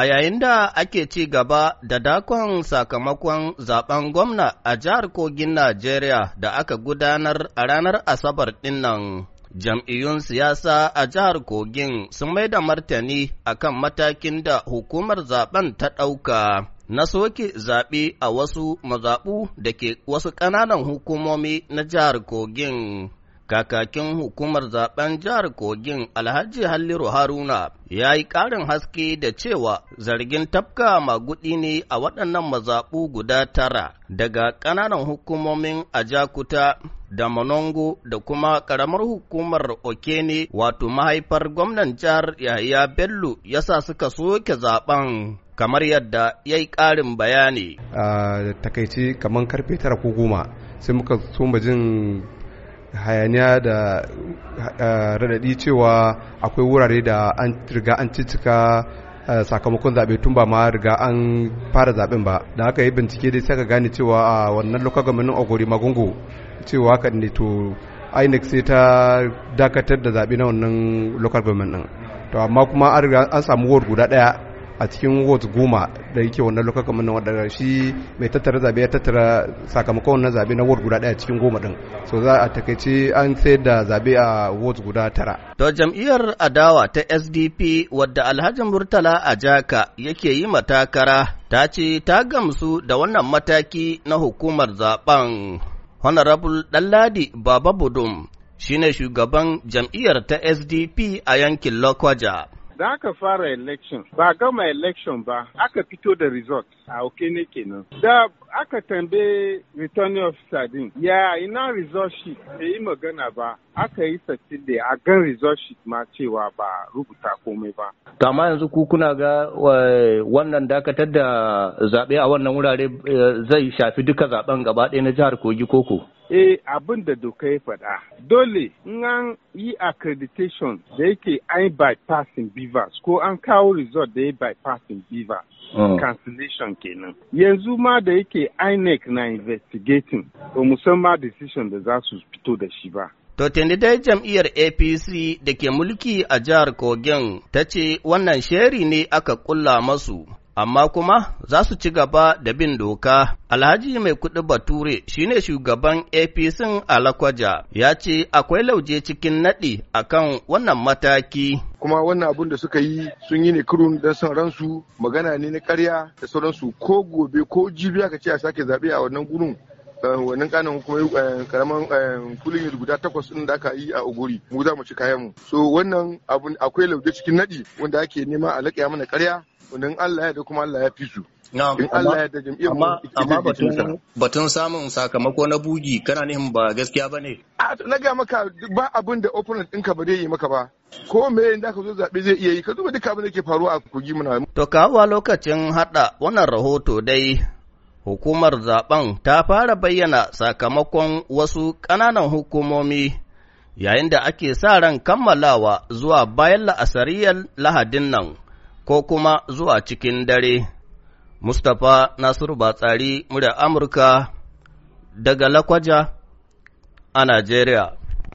A yayin da ake ci gaba da dakon sakamakon zaben gwamna a jihar Kogin Najeriya da aka gudanar a ranar Asabar ɗinnan, jam'iyyun siyasa a jihar Kogin sun mai da martani kan matakin da hukumar zaben ta ɗauka. na soke zaɓe a wasu mazaɓu da ke wasu ƙananan hukumomi na jihar Kogin. Kakakin hukumar zaben jihar Kogin Alhaji Halliru Haruna ya yi ƙarin haske da cewa zargin tafka magudi ne a waɗannan mazaɓu guda tara daga ƙananan hukumomin Ajakuta da monongo da kuma ƙaramar hukumar Okene wato mahaifar gwamnan jihar Yahaya Bello ya sa suka soke zaben kamar yadda ya yi ƙarin bayani. Uh, takaici kamar karfe tara ko goma sai muka so jin hayaniya da eh, radadi cewa akwai wurare da an riga an cicika eh, sakamakon zaɓe tun ba ma riga an fara zaɓen ba da aka yi bincike dai sai saka gane cewa a wannan local government ogori magungu cewa ka ne to inec sai ta dakatar da zaɓe na wannan local government to amma kuma an samu ward guda ɗaya a cikin wot goma da yake wannan local government wadda shi mai tattara zabe ya tattara sakamakon wannan zabe na wot guda daya cikin goma din so za a takaice an sai da zabe a wot guda tara to jam'iyyar adawa ta SDP wadda Alhaji Murtala Ajaka yake yi matakara ta ce ta gamsu da wannan mataki na hukumar zaben Honorable Dalladi Baba Budum shine shugaban jam'iyyar ta SDP a yankin Lokwaja. Da aka fara election, ba gama election ba, aka fito da result a Okene kenan. Da aka tambe returning officer din, ya ina result sheet bai yi magana ba, aka yi da a gan result sheet ma cewa ba rubuta komai ba. Kama yanzu ku kuna ga wannan dakatar da zaɓe a wannan wurare eh, zai shafi duka zaɓen gaba ɗaya na jihar Kogi koko? eh abin da doka ya faɗa. Dole in an yi accreditation da yake an bypassing beavers ko an kawo resort da ya bypassing beavers. Oh. cancellation kenan. Yanzu ma da yake INEC na investigating ba musamman decision da za su fito da shi ba. To dai jam'iyyar APC da ke mulki a jihar Kogin ta ce wannan sheri ne aka kulla masu amma kuma za su ci gaba da bin doka. Alhaji mai kuɗi Bature ne shugaban APC a Lakwaja ya ce akwai lauje cikin naɗi akan wannan mataki. Kuma wannan abun da suka yi sun yi ne kurun don son ransu magana ne na karya da sauransu ko gobe ko jibiya ka ce a sake zaɓe a wannan gurin eh, wannan kanin kuma karaman eh, kulin eh, guda takwas din da aka yi a ogori mu za mu ci kayan mu so wannan abun akwai lauje cikin nadi wanda ake nema a laƙaya mana karya in Allah ya da kuma Allah ya fi su in Allah ya da mu amma batun samun sakamako na bugi kana nihin ba gaskiya bane a na ga maka ba abin da opponent ɗinka ba zai yi maka ba ko me da ka zo zaɓe zai iya yi ka zuba duk abin da ke faruwa a kogi muna to kawo lokacin hada wannan rahoto dai hukumar zaben ta fara bayyana sakamakon wasu ƙananan hukumomi yayin da ake sa ran kammalawa zuwa bayan la'asariyar lahadin nan. ko kuma zuwa cikin dare. Mustapha Nasiru Batsari, murya Amurka, daga Lakwaja a Najeriya.